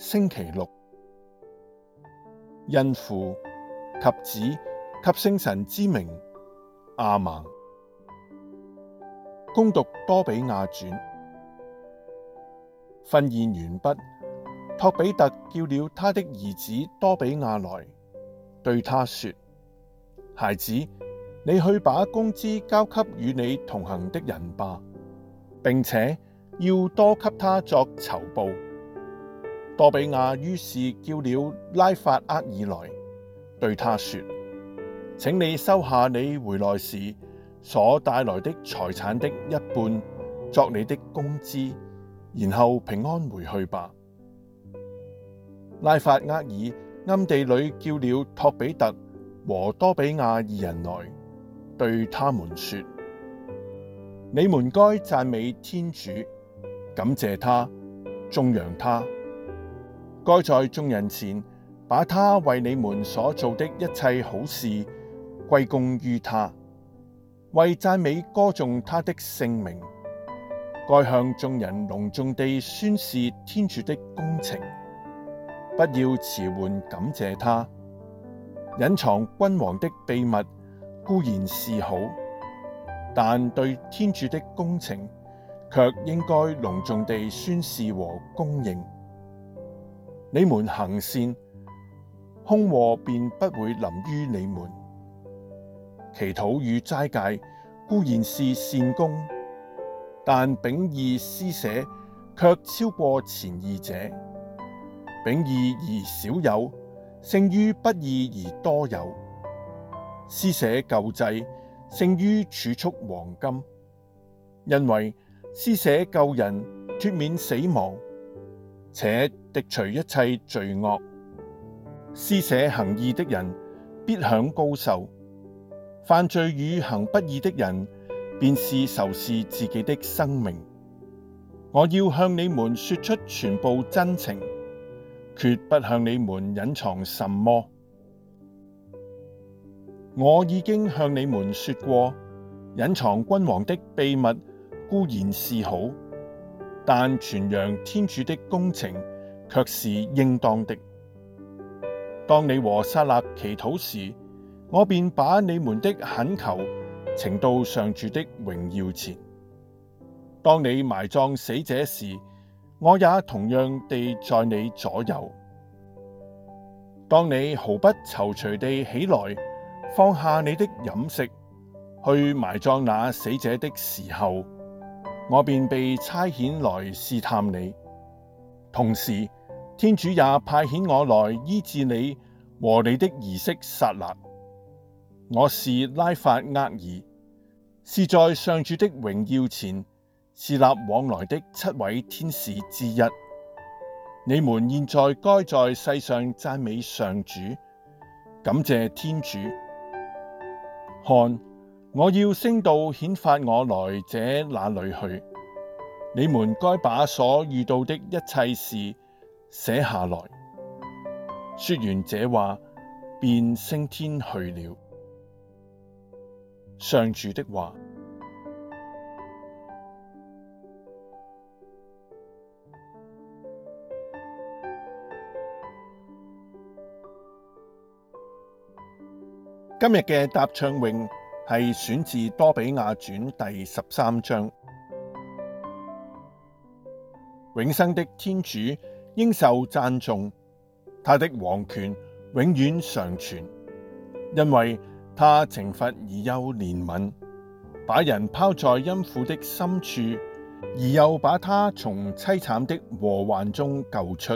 星期六，因父及子及聖神之名阿們，恭讀多俾亞傳。婚筵完畢，托彼特叫了他的兒子多俾亞來，對他說：孩子，你去把工資交給與你同行的人吧，並且要多給他作酬報。多俾亞於是叫了拉法厄爾來，對他說：“請你收下你回來時所帶來的財產的一半，作你的工資，然後平安回去吧。”拉法厄爾暗地裏叫了托彼特和多俾亞二人來，對他們說：“你們該讚美天主，感謝他，顯揚他。”該在眾人前把他為你們所做的一切好事歸功於他，為讚美歌頌他的聖名。該向眾人隆重地宣示天主的工程，不要遲緩感謝他。隱藏君王的秘密固然是好，但對天主的工程卻應該隆重地宣示和公認。你們行善，兇禍便不會臨於你們；祈禱與齋戒固然是善功，但秉義施捨卻超過前二者。秉義而少有，勝於不義而多有；施捨救濟，勝於儲蓄黃金。因為施捨救人，脫免死亡。且滌除一切罪惡，施捨行義的人必享高壽；犯罪與行不義的人，便是仇視自己的生命。我要向你們說出全部真情，決不向你們隱藏什麼。我已經向你們說過，隱藏君王的秘密固然是好。但傳揚天主的工程卻是應當的。當你和撒辣祈禱時，我便把你們的懇求呈到上主的榮耀前。當你埋葬死者時，我也同樣地在你左右。當你毫不躊躇地起來，放下你的飲食，去埋葬那死者的時候，我便被差遣來試探你，同時天主也派遣我來醫治你和你的兒媳撒辣。我是拉法厄爾，是在上主的榮耀前侍立往來的七位天使之一。你們現在該在世上讚美上主，感謝天主。看。我要升到遣發我來者那裏去？你們該把所遇到的一切事寫下來。說完這話，便升天去了。上主的話。今日嘅答唱詠係選自《多比亞傳》第十三章。永生的天主應受讚頌，他的王權永遠常存，因為他懲罰而又憐憫，把人拋在陰府的深處，而又把他從凄慘的禍患中救出。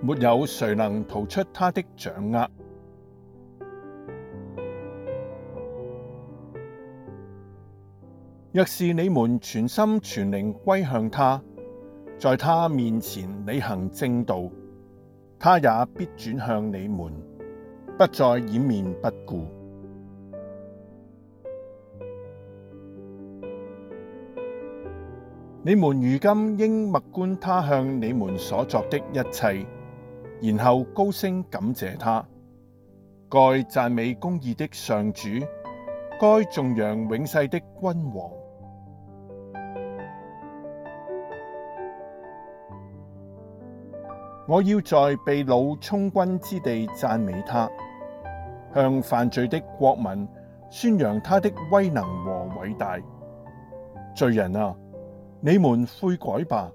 沒有誰能逃出他的掌握。若是你們全心全靈歸向他，在他面前履行正道，他也必轉向你們，不再掩面不顧。你們如今應默觀他向你們所作的一切，然後高聲感謝他，該讚美公義的上主，該頌揚永世的君王。我要在被擄充軍之地讚美他，向犯罪的國民宣揚他的威能和偉大。罪人啊！你們悔改吧！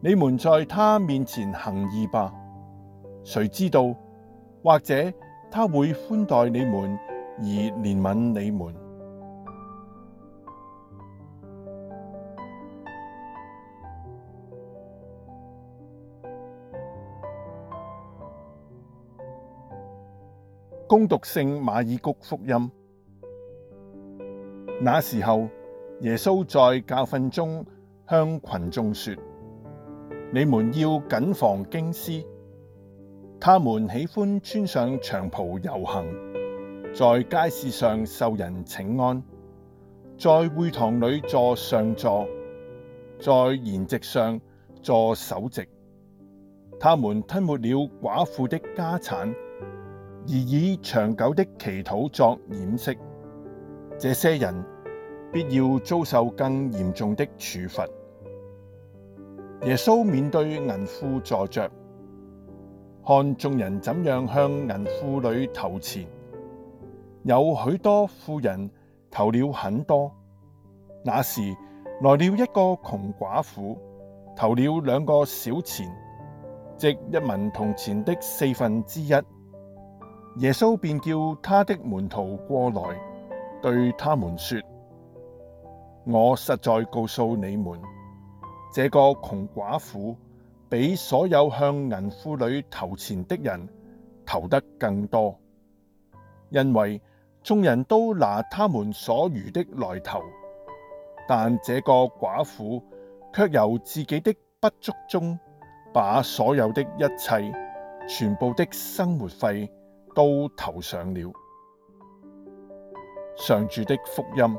你們在他面前行義吧！誰知道，或者他會寬待你們而憐憫你們？恭讀聖馬爾谷福音。那時候，耶穌在教訓中向群眾說：你們要謹防經師，他們喜歡穿上長袍遊行，在街市上受人請安，在會堂裏坐上座，在筵席上坐首席。他們吞沒了寡婦的家產。而以長久的祈禱作掩飾，這些人必要遭受更嚴重的處罰。耶穌面對銀庫坐着，看眾人怎樣向銀庫裏投錢。有許多富人投了很多。那時來了一個窮寡婦，投了兩個小錢，即一文銅錢的四分之一。耶穌便叫他的門徒過來，對他們說：我實在告訴你們，這個窮寡婦比所有向銀庫裏投錢的人投得更多，因為眾人都拿他們所餘的來投，但這個寡婦却由自己的不足中把所有的一切，全部的生活費，都投上了。上主的福音。